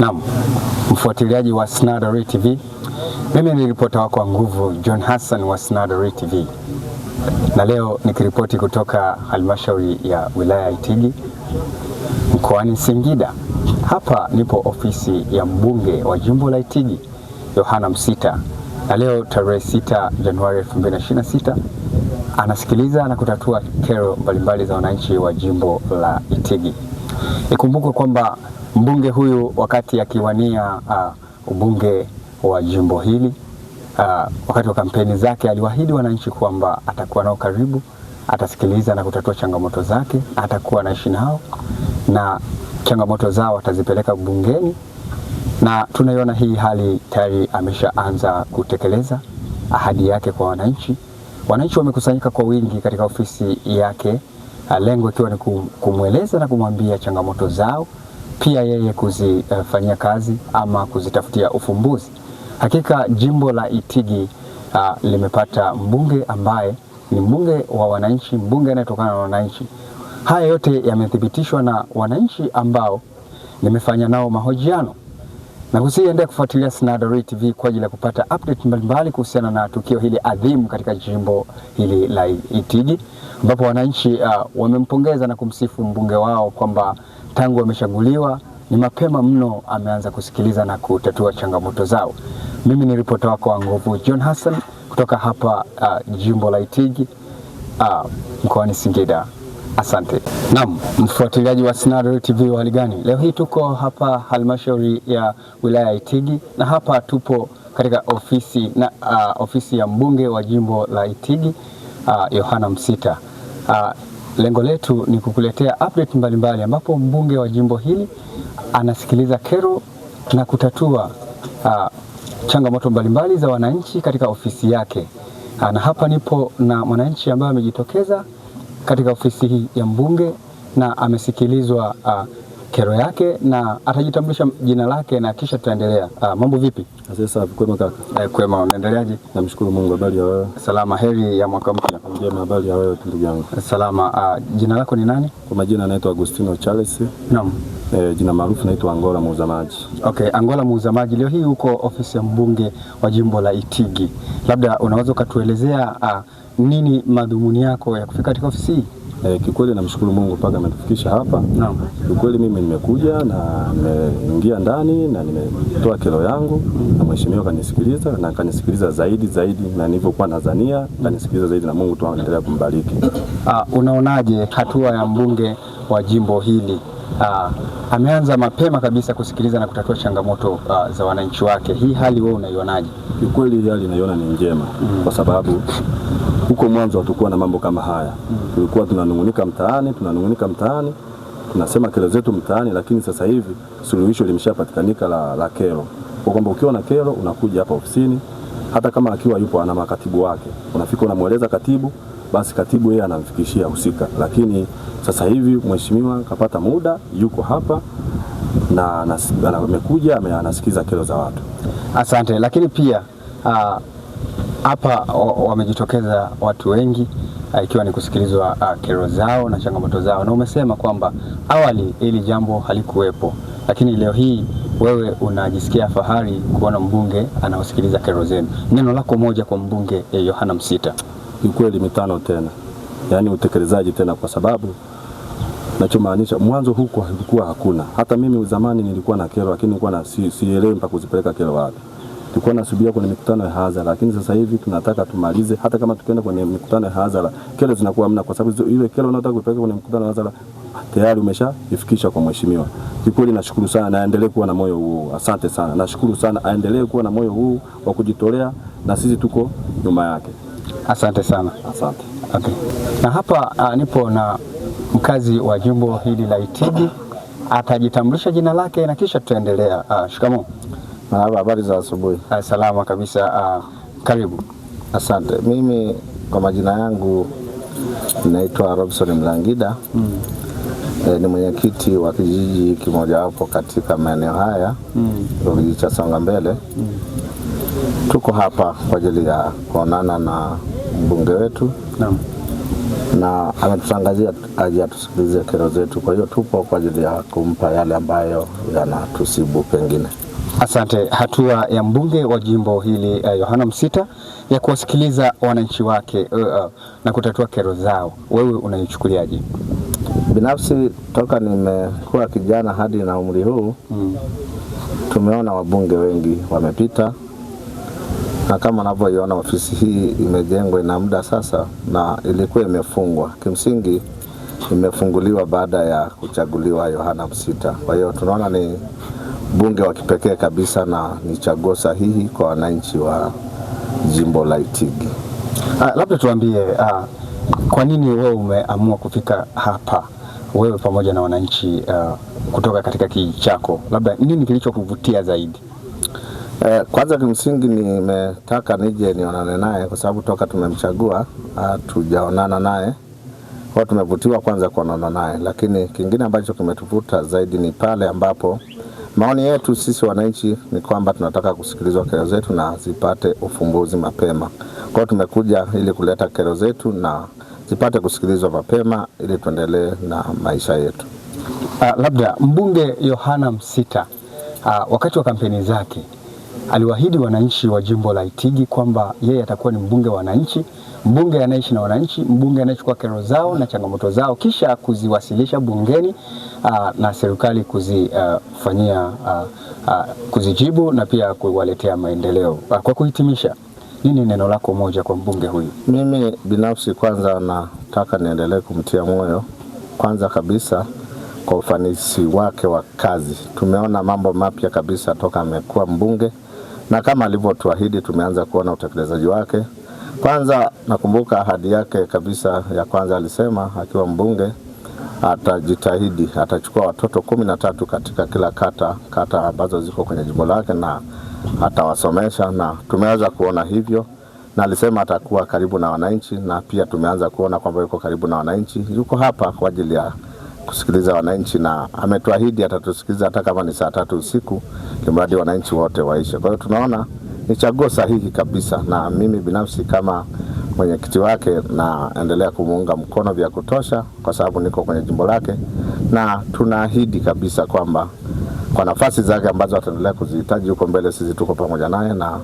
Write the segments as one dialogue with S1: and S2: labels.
S1: Naam, mfuatiliaji wa Snadareal TV, mimi ni ripota wako wa nguvu John Hassan wa Snadareal TV, na leo nikiripoti kutoka halmashauri ya wilaya ya Itigi mkoani Singida. Hapa nipo ofisi ya mbunge wa jimbo la Itigi Yohana Msita, na leo tarehe 6 Januari 2026 anasikiliza na kutatua kero mbalimbali za wananchi wa jimbo la Itigi. Ikumbukwe kwamba Mbunge huyu wakati akiwania uh, ubunge wa jimbo hili uh, wakati wa kampeni zake aliwaahidi wananchi kwamba atakuwa nao karibu, atasikiliza na kutatua changamoto zake, atakuwa naishi nao na changamoto zao atazipeleka bungeni, na tunaiona hii hali tayari ameshaanza kutekeleza ahadi yake kwa wananchi. Wananchi wamekusanyika kwa wingi katika ofisi yake, lengo ikiwa ni kumweleza na kumwambia changamoto zao pia yeye kuzifanyia kazi ama kuzitafutia ufumbuzi. Hakika jimbo la Itigi uh, limepata mbunge ambaye ni mbunge wa wananchi, mbunge anayetokana na wananchi. Haya yote yamethibitishwa na wananchi ambao nimefanya nao mahojiano na kusiende kufuatilia Snadareal TV kwa ajili ya kupata update mbalimbali kuhusiana na tukio hili adhimu katika jimbo hili la Itigi ambapo wananchi uh, wamempongeza na kumsifu mbunge wao kwamba tangu wameshaguliwa, ni mapema mno ameanza kusikiliza na kutatua changamoto zao. Mimi ni ripota wako wa nguvu John Hassan kutoka hapa uh, jimbo la Itigi uh, mkoani Singida. Asante. Naam, mfuatiliaji wa Snadareal TV, hali gani? Leo hii tuko hapa halmashauri ya wilaya ya Itigi na hapa tupo katika ofisi, na, uh, ofisi ya mbunge wa jimbo la Itigi uh, Yohana Msita uh, Lengo letu ni kukuletea update mbalimbali ambapo mbunge wa jimbo hili anasikiliza kero na kutatua uh, changamoto mbalimbali za wananchi katika ofisi yake. Uh, na hapa nipo na mwananchi ambaye amejitokeza katika ofisi hii ya mbunge na amesikilizwa uh, kero yake na atajitambulisha jina lake na kisha tutaendelea. Ah, mambo vipi?
S2: sana. kwema kaka.
S1: Eh, kwema, unaendeleaje?
S2: Namshukuru Mungu. Habari ya wewe?
S1: Salama. Heri ya mwaka mpya.
S2: Njema. Habari ya wewe ndugu yangu?
S1: Salama. Ah, jina lako ni nani?
S2: Kwa majina naitwa Agustino Charles. Naam. Eh, jina maarufu naitwa Angola muuza maji.
S1: Okay, Angola muuza maji, leo hii huko ofisi ya mbunge wa jimbo la Itigi, labda unaweza ukatuelezea ah, nini madhumuni yako ya kufika katika ofisi hii?
S2: Eh, kikweli namshukuru Mungu mpaka ametufikisha hapa no. Kikweli mimi nimekuja na nimeingia ndani na nimetoa kero yangu na mheshimiwa kanisikiliza na kanisikiliza zaidi zaidi na nilivyokuwa nadhania, kanisikiliza zaidi na Mungu tu kumbariki.
S1: Ah, unaonaje hatua ya mbunge wa jimbo hili? Ah, ameanza mapema kabisa kusikiliza na kutatua changamoto uh, za wananchi wake. Hii hali wewe unaionaje?
S2: Kikweli hali naiona ni njema mm. kwa sababu huko mwanzo hatukuwa na mambo kama haya, tulikuwa tunanungunika mtaani, tunanungunika mtaani, tunasema kero zetu mtaani, lakini sasa hivi suluhisho limeshapatikanika la, la kero, kwa kwamba ukiwa na kero unakuja hapa ofisini, hata kama akiwa yupo ana makatibu wake, unafika unamweleza katibu, basi katibu yeye anamfikishia husika. Lakini sasa hivi mheshimiwa kapata muda, yuko hapa na amekuja anasikiza kero za watu.
S1: Asante, lakini pia uh, hapa wamejitokeza watu wengi ikiwa ni kusikilizwa uh, kero zao na changamoto zao, na umesema kwamba awali hili jambo halikuwepo, lakini leo hii wewe unajisikia fahari kuona mbunge anaosikiliza kero zenu. Neno lako moja kwa mbunge eh, Yohana Msita.
S2: kweli mitano tena, yaani utekelezaji tena, kwa sababu nachomaanisha mwanzo huko ilikuwa hakuna. Hata mimi zamani nilikuwa na kero, lakini nilikuwa na sielewi si mpaka kuzipeleka kero wapi tulikuwa nasubiria kwenye mikutano ya hadhara, lakini sasa hivi tunataka tumalize. Hata kama tukienda kwenye mikutano ya hadhara, kero zinakuwa hamna, kwa sababu ile kero unataka kuipeleka kwenye mkutano wa hadhara tayari umeshaifikisha kwa mheshimiwa. Kikweli nashukuru sana, naendelee kuwa na moyo huu. Asante sana, nashukuru sana, aendelee kuwa na moyo huu wa kujitolea, na sisi tuko nyuma yake.
S1: Asante sana, asante. Okay. Na hapa uh, nipo na mkazi wa jimbo hili la Itigi, atajitambulisha jina lake na kisha tutaendelea. Ah, shikamoo.
S3: Habari za asubuhi.
S4: Ah, salama kabisa. Uh, karibu. Asante. Mimi kwa majina yangu naitwa Robson Mlangida mm. E, ni mwenyekiti wa kijiji kimojawapo katika maeneo haya mm. kijiji cha Songa Mbele mm. Tuko hapa kwa ajili ya kuonana na mbunge wetu mm. na ametutangazia aje atusikilize kero zetu, kwa hiyo tupo kwa ajili ya kumpa yale ambayo yanatusibu pengine
S1: Asante. Hatua ya mbunge wa jimbo hili uh, Yohana Msita ya kuwasikiliza wananchi wake uh, uh, na kutatua kero zao, wewe unaichukuliaje?
S4: Binafsi, toka nimekuwa kijana hadi na umri huu mm. tumeona wabunge wengi wamepita, na kama unavyoiona ofisi hii imejengwa ina muda sasa, na ilikuwa imefungwa kimsingi imefunguliwa baada ya kuchaguliwa Yohana Msita. Kwa hiyo tunaona ni bunge wa kipekee kabisa na ni chaguo sahihi kwa wananchi wa jimbo la Itigi.
S1: Ah, labda tuambie, ah, kwa nini wewe umeamua kufika hapa wewe pamoja na wananchi ah, kutoka katika kijiji chako, labda nini kilichokuvutia zaidi?
S4: Eh, kwanza kimsingi nimetaka nije nionane naye kwa sababu toka tumemchagua hatujaonana ah, naye kwa tumevutiwa kwanza kuonana naye, lakini kingine ambacho kimetuvuta zaidi ni pale ambapo Maoni yetu sisi wananchi ni kwamba tunataka kusikilizwa kero zetu na zipate ufumbuzi mapema. Kwa hiyo tumekuja ili kuleta kero zetu na zipate kusikilizwa mapema ili tuendelee na maisha yetu.
S1: Uh, labda mbunge Yohana Msita uh, wakati wa kampeni zake aliwaahidi wananchi wa jimbo la Itigi kwamba yeye atakuwa ni mbunge wa wananchi, mbunge anaishi na wananchi, mbunge anayechukua kero zao na changamoto zao kisha kuziwasilisha bungeni aa, uh, na serikali kuzifanyia uh, uh, kuzijibu na pia kuwaletea maendeleo. Kwa kuhitimisha, nini neno lako moja kwa mbunge huyu?
S4: Mimi binafsi kwanza nataka niendelee kumtia moyo kwanza kabisa kwa ufanisi wake wa kazi. Tumeona mambo mapya kabisa toka amekuwa mbunge na kama alivyotuahidi tumeanza kuona utekelezaji wake. Kwanza nakumbuka ahadi yake kabisa ya kwanza, alisema akiwa mbunge atajitahidi atachukua watoto kumi na tatu katika kila kata kata ambazo ziko kwenye jimbo lake na atawasomesha, na tumeanza kuona hivyo, na alisema atakuwa karibu na wananchi, na pia tumeanza kuona kwamba yuko karibu na wananchi, yuko hapa kwa ajili ya kusikiliza wananchi, na ametuahidi atatusikiliza hata kama ni saa tatu usiku, ili mradi wananchi wote waishe. Kwa hiyo tunaona ni chaguo sahihi kabisa, na mimi binafsi kama mwenyekiti wake naendelea kumuunga mkono vya kutosha, kwa sababu niko kwenye jimbo lake, na tunaahidi kabisa kwamba kwa nafasi zake ambazo ataendelea kuzihitaji huko mbele, sisi tuko pamoja naye, na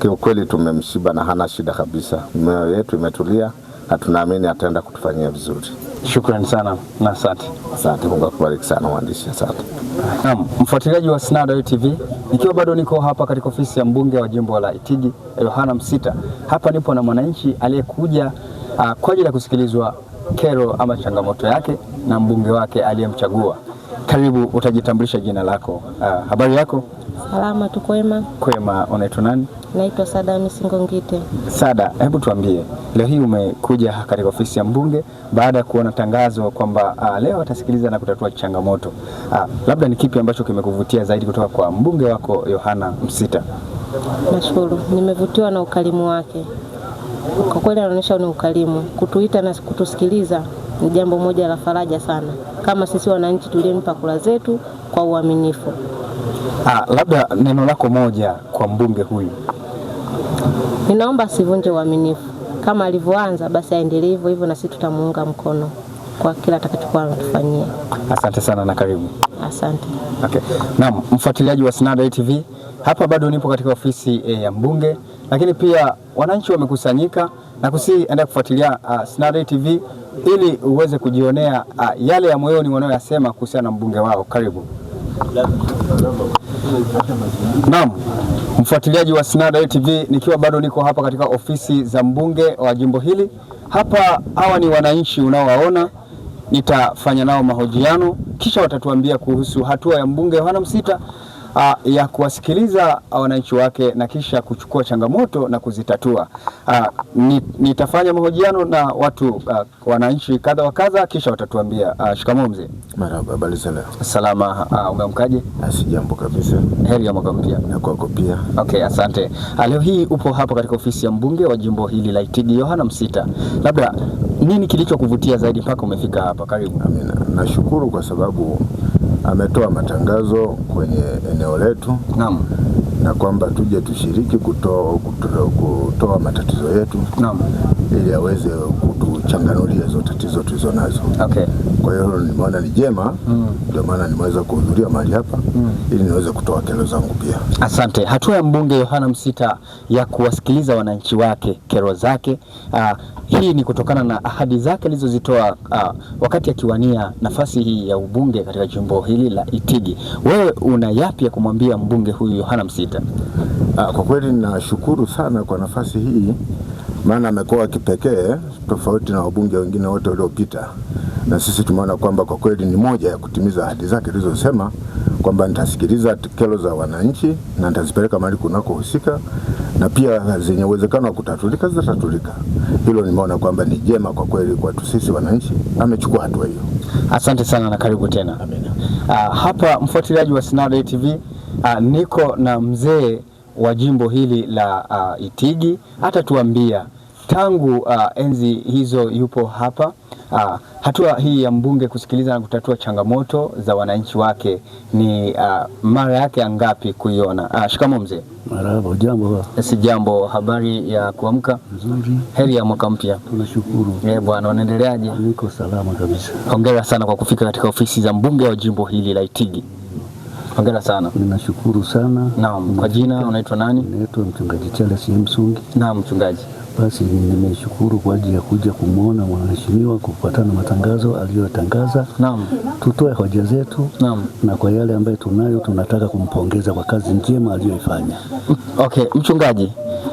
S4: kiukweli tumemshiba na hana shida kabisa. Mioyo yetu imetulia na tunaamini ataenda kutufanyia vizuri.
S1: Shukrani sana na asante.
S4: Asante, Mungu akubariki sana mwandishi, asante.
S1: Naam, mfuatiliaji wa Snada TV, ikiwa bado niko hapa katika ofisi ya mbunge wa jimbo la Itigi Yohana Msita. Hapa nipo na mwananchi aliyekuja uh, kwa ajili ya kusikilizwa kero ama changamoto yake na mbunge wake aliyemchagua. Karibu, utajitambulisha jina lako. Uh, habari yako?
S5: Salama, tukwema.
S1: Kwema, unaitwa nani?
S5: Naitwa Sada Hamisi Ngongite.
S1: Sada, hebu tuambie leo hii umekuja katika ofisi ya mbunge baada ya kuona tangazo kwamba ah, leo atasikiliza na kutatua changamoto. A, ah, labda ni kipi ambacho kimekuvutia zaidi kutoka kwa mbunge wako Yohana Msita?
S5: Nashukuru, nimevutiwa na ukarimu wake. Kwa kweli anaonyesha ni ukarimu, kutuita na kutusikiliza ni jambo moja la faraja sana kama sisi wananchi tulimpa kura zetu kwa uaminifu.
S1: Ah, labda neno lako moja kwa mbunge huyu
S5: Ninaomba asivunje uaminifu, kama alivyoanza basi aendelee hivyo hivyo, na sisi tutamuunga mkono kwa kila atakachokuwa anatufanyia.
S1: Asante sana na karibu. Asante. Okay. Naam, mfuatiliaji wa Snada TV, hapa bado nipo katika ofisi eh, ya mbunge, lakini pia wananchi wamekusanyika na kusihi enda kufuatilia uh, ah, Snada TV ili uweze kujionea uh, yale ya moyoni wanayoyasema kuhusiana na mbunge wao. Karibu. Naam, mfuatiliaji wa Sinada TV, nikiwa bado niko hapa katika ofisi za mbunge wa jimbo hili hapa. Hawa ni wananchi unaowaona, nitafanya nao mahojiano kisha watatuambia kuhusu hatua ya mbunge Yohana Msita a, ah, ya kuwasikiliza wananchi wake na kisha kuchukua changamoto na kuzitatua. A, ah, nitafanya mahojiano na watu ah, wananchi kadha wa kadha, kisha watatuambia. Shikamoo mzee.
S2: Marhaba, habari sana.
S1: Salama, umeamkaje?
S2: Sijambo kabisa.
S1: Heri ya mwaka mpya.
S2: Na kwako pia.
S1: Okay, asante. Leo hii upo hapa katika ofisi ya mbunge wa jimbo hili la Itigi Yohana Msita, labda nini kilichokuvutia zaidi mpaka umefika hapa? Karibu.
S4: Amina. Nashukuru kwa sababu ametoa matangazo kwenye eneo letu naam, na kwamba tuje tushiriki kutoa, kutoa, matatizo yetu naam, ili aweze kutu changamoto hizo tatizo tulizo nazo. Okay. Kwa hiyo nimeona ni jema, mm. ndio mm. maana nimeweza kuhudhuria mahali hapa mm. ili niweze kutoa kero zangu pia.
S1: Asante. Hatua ya mbunge Yohana Msita ya kuwasikiliza wananchi wake kero zake, uh, hii ni kutokana na ahadi zake alizozitoa uh, wakati akiwania nafasi hii ya ubunge katika jimbo hili la Itigi. Wewe una yapi ya kumwambia mbunge huyu Yohana Msita?
S4: Uh, kwa kweli nashukuru sana kwa nafasi hii maana amekuwa kipekee tofauti na wabunge wengine wote waliopita, na sisi tumeona kwamba kwa kweli ni moja ya kutimiza ahadi zake ilizosema kwamba nitasikiliza kero za wananchi na nitazipeleka mahali kunakohusika na pia zenye uwezekano wa kutatulika zitatatulika. Hilo nimeona kwamba ni jema kwa kweli kwetu sisi wananchi, amechukua hatua hiyo.
S1: Asante sana na karibu tena. Amina. Uh, hapa mfuatiliaji wa Snada TV, uh, ah, niko na mzee wa jimbo hili la uh, Itigi atatuambia tangu uh, enzi hizo yupo hapa uh, hatua hii ya mbunge kusikiliza na kutatua changamoto za wananchi wake ni uh, mara yake angapi kuiona? Uh, shikamo mzee.
S2: Marhaba. Jambo.
S1: Si jambo. Habari ya kuamka? Nzuri. Heri ya mwaka mpya.
S2: Tunashukuru.
S1: Eh bwana, unaendeleaje?
S2: Niko salama kabisa.
S1: Hongera sana kwa kufika katika ofisi za mbunge wa jimbo hili la Itigi. Hongera sana.
S2: Ninashukuru sana.
S1: Naam, kwa jina unaitwa nani?
S2: Naitwa mchungaji Chanda si Msungi.
S1: Naam, mchungaji.
S2: Basi nimeshukuru kwa ajili ya kuja kumwona mheshimiwa kufuatana na matangazo aliyotangaza. Naam. Tutoe hoja zetu. Naam. Na kwa yale ambayo tunayo tunataka kumpongeza kwa kazi njema aliyoifanya.
S1: Okay, mchungaji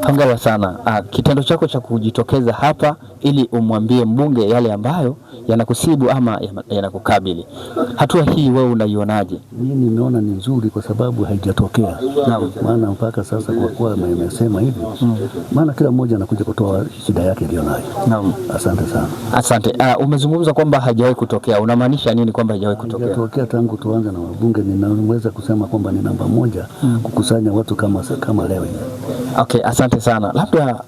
S1: Hongera sana. Ah, kitendo chako cha kujitokeza hapa ili umwambie mbunge yale ambayo yanakusibu ama yanakukabili, hatua hii wewe unaionaje?
S2: Mimi nimeona ni nzuri kwa sababu haijatokea, maana mpaka sasa kwa kuwa amesema hivi, mm. maana kila mmoja anakuja kutoa shida yake aliyonayo. Naam, asante sana.
S1: Asante. Ah, umezungumza kwamba hajawahi kutokea, unamaanisha nini kwamba hajawahi kutokea?
S2: Haijatokea tangu tuanze na wabunge, ninaweza kusema kwamba ni namba moja mm. kukusanya watu kama, kama leo hii
S1: Okay, asante sana. Labda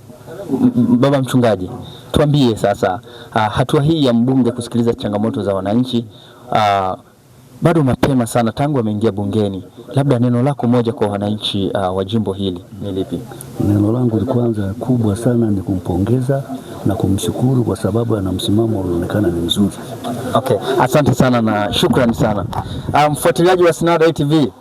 S1: baba mchungaji, tuambie sasa, uh, hatua hii ya mbunge kusikiliza changamoto za wananchi uh, bado mapema sana tangu ameingia bungeni, labda neno lako moja kwa wananchi uh, wa jimbo hili ni lipi?
S2: Neno langu kwanza kubwa sana ni kumpongeza na kumshukuru kwa sababu ana msimamo unaonekana ni mzuri.
S1: Okay, asante sana na shukrani sana mfuatiliaji um, wa Snada TV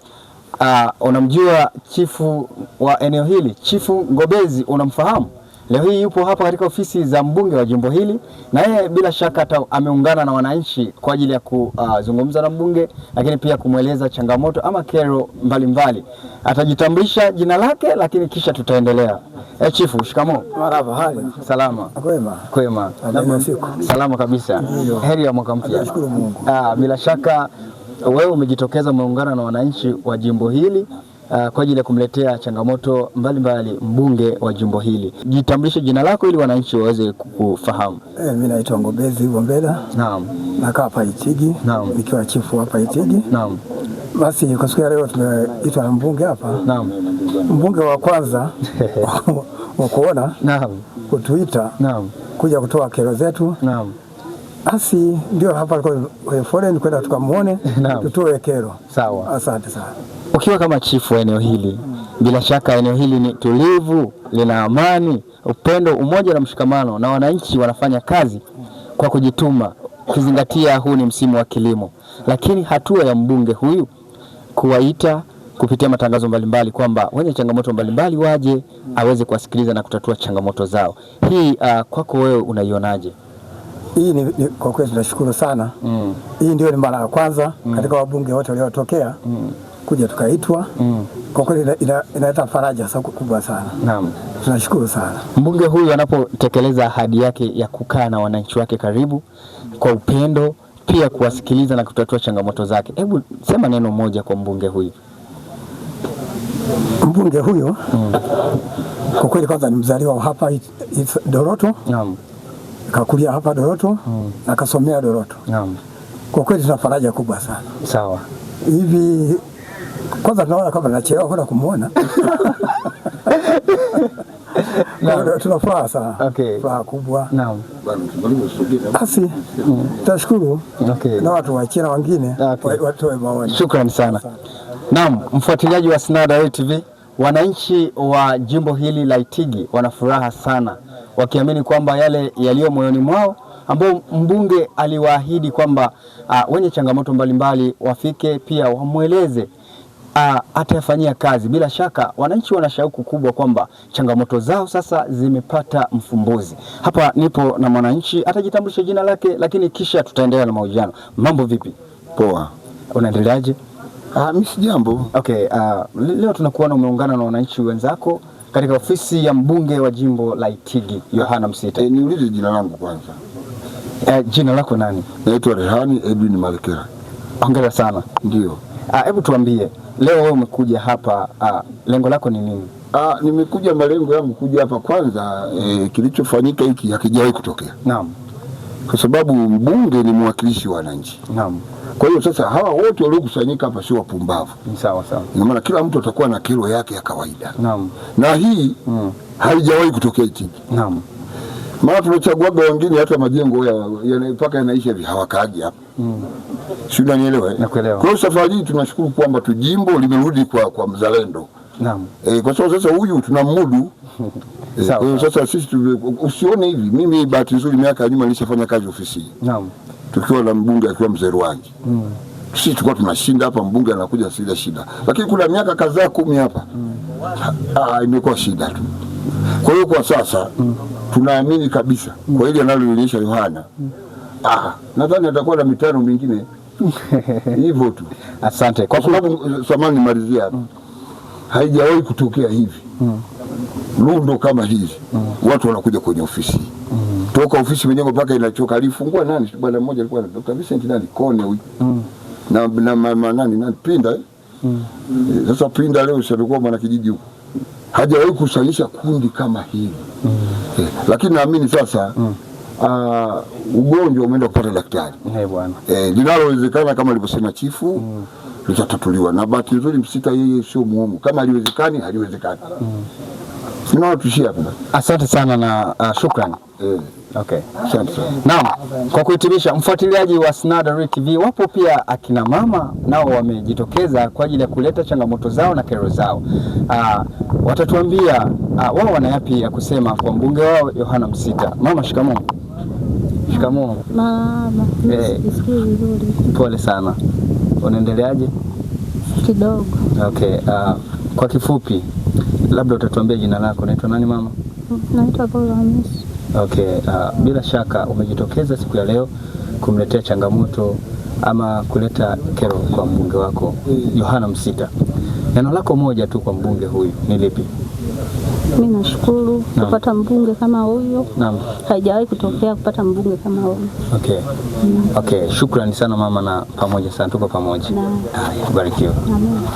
S1: uh, unamjua chifu wa eneo hili, Chifu Ngobezi unamfahamu? Leo hii yupo hapa katika ofisi za mbunge wa jimbo hili, na yeye bila shaka ta, ameungana na wananchi kwa ajili ya kuzungumza ah, uh, na mbunge, lakini pia kumweleza changamoto ama kero mbalimbali. Atajitambulisha jina lake, lakini kisha tutaendelea. E, chifu, shikamo.
S6: Marhaba, hali salama? Kwema,
S1: kwema, salama kabisa. Heri ya mwaka mpya. Ah, bila shaka wewe umejitokeza umeungana na wananchi wa jimbo hili uh, kwa ajili ya kumletea changamoto mbalimbali mbali mbunge wa jimbo hili. Jitambulishe jina lako ili wananchi waweze kufahamu.
S6: E, eh, mimi naitwa Ngobezi Gombela. Naam. Nakaa hapa Itigi. Naam. Nikiwa chifu hapa Itigi. Naam. Basi kwa siku ya leo tumeitwa na mbunge hapa. Naam. Mbunge wa kwanza wa kuona. Naam. Kutuita. Naam. Kuja kutoa kero zetu. Naam. Basi ndio hapa kwenye foreign kwenda tukamwone tutoe kero. Sawa, asante sana.
S1: Ukiwa kama chifu wa eneo hili, bila shaka eneo hili ni tulivu, lina amani, upendo, umoja na mshikamano, na wananchi wanafanya kazi kwa kujituma, ukizingatia huu ni msimu wa kilimo. Lakini hatua ya mbunge huyu kuwaita kupitia matangazo mbalimbali kwamba wenye changamoto mbalimbali waje aweze kuwasikiliza na kutatua changamoto zao, hii uh, kwako wewe unaionaje?
S6: hii ni, ni, kwa kweli tunashukuru sana mm. Hii ndio ni mara ya kwanza mm. katika wabunge wote waliotokea mm. kuja tukaitwa mm. kwa kweli inaleta ina, ina faraja kubwa sana naam. Tunashukuru sana
S1: mbunge huyu anapotekeleza ahadi yake ya kukaa na wananchi wake karibu kwa upendo, pia kuwasikiliza na kutatua changamoto zake. Hebu sema neno moja kwa mbunge huyu.
S6: Mbunge huyo mm. kwa kweli kwanza ni mzaliwa hapa Doroto naam. Akakulia hapa Doroto mm. akasomea Doroto mm. Kwa kweli tuna faraja kubwa sana. Sawa. Hivi kwanza tunaona kama nachelewa kwenda kumwona tunafuraha sana, furaha kubwa basi. Mm. Tashukuru na watu wa China wengine watoe maoni.
S1: Shukrani sana. Naam, mfuatiliaji wa Sinada TV, wananchi wa jimbo hili la Itigi wana furaha sana wakiamini kwamba yale yaliyo moyoni mwao ambao mbunge aliwaahidi kwamba uh, wenye changamoto mbalimbali wafike pia wamweleze uh, atayafanyia kazi. Bila shaka wananchi wana shauku kubwa kwamba changamoto zao sasa zimepata mfumbuzi. Hapa nipo na mwananchi, atajitambulisha jina lake, lakini kisha tutaendelea na mahojiano. Mambo vipi? Poa, unaendeleaje?
S2: Ah, mimi si jambo.
S1: Okay, uh, leo tunakuona umeungana na wananchi wenzako katika ofisi ya mbunge wa jimbo la Itigi Yohana Msita.
S2: E, niulize jina langu kwanza.
S1: E, jina lako nani?
S2: Naitwa Rehani Edwin Malekera.
S1: Hongera sana. Ndio. Ah, hebu tuambie leo wewe umekuja hapa a, ah, lengo lako ni nini?
S2: Ah, nimekuja malengo yangu kuja hapa kwanza, e, kilichofanyika hiki hakijawahi kutokea. Naam. Kwa sababu mbunge ni mwakilishi wa wananchi. Naam. Kwa hiyo sasa hawa wote waliokusanyika hapa sio wapumbavu, sawa sawa, na maana kila mtu atakuwa na kero yake ya kawaida. Naam. Na hii mm. haijawahi kutokea hichi. Naam. Maana tunachaguaga wengine hata majengo mpaka yanaisha hivi hawakaji hapa mm. Sio unanielewa? Eh? Nakuelewa. Kwa hiyo safari hii tunashukuru kwamba tujimbo limerudi kwa, kwa mzalendo Naam. Eh, kwa sababu sasa huyu tunamudu Eh, eh, sasa sisi eh, usione hivi, mimi bahati nzuri miaka ya nyuma nilishafanya kazi ofisini, naam, tukiwa na mbunge akiwa mzee Ruangi mm. Sisi tulikuwa tunashinda hapa, mbunge anakuja sila shida, lakini kuna miaka kadhaa kumi hapa mm. Ah, imekuwa shida tu. Kwa hiyo kwa sasa mm. tunaamini kabisa mm. kwa ile analolionyesha Yohana mm. ah, nadhani atakuwa na mitano mingine hivyo tu. Asante kwa sababu samani, malizia hapa, mm. haijawahi kutokea hivi mm lundo kama hivi mm. watu wanakuja kwenye ofisi mm. toka ofisi mwenyewe mpaka inachoka. Alifungua nani bwana mmoja alikuwa Dr. Vincent nani Kone huyu mm. na, na mama nani nani Pinda eh? mm. Eh, sasa Pinda leo sikuwa mwana kijiji huko hajawahi kusanyisha kundi kama hili mm. eh, lakini naamini sasa mm. Uh, ugonjwa umeenda kupata daktari eh, eh, linalowezekana kama alivyosema chifu mm. litatatuliwa, na bahati nzuri Msita yeye sio muomo, kama aliwezekani haliwezekani mm. Tunaotishia hapa.
S1: Asante sana na uh, shukrani. Eh. Okay. Asante sana. Naam, kwa kuhitimisha, mfuatiliaji wa Snadareal TV, wapo pia akina mama nao wamejitokeza kwa ajili ya kuleta changamoto zao na kero zao. Uh, watatuambia uh, wao wana yapi ya kusema kwa mbunge wao Yohana Msita. Mama, shikamoo. Shikamoo.
S7: Mama. Eh.
S1: Pole sana. Unaendeleaje? Kidogo. Okay. Uh, kwa kifupi labda utatuambia jina lako, naitwa nani mama?
S7: Naitwa Paula Hamisi.
S1: Okay, uh, bila shaka umejitokeza siku ya leo kumletea changamoto ama kuleta kero kwa mbunge wako Yohana Msita. Neno lako moja tu kwa mbunge huyu ni lipi?
S7: Mimi nashukuru kupata mbunge kama huyo. Naam. Haijawahi kutokea kupata mbunge kama huyo.
S1: Okay. Mm. Okay, shukrani sana mama na pamoja sana tuko pamoja. Naam. kubarikiwa. Amen.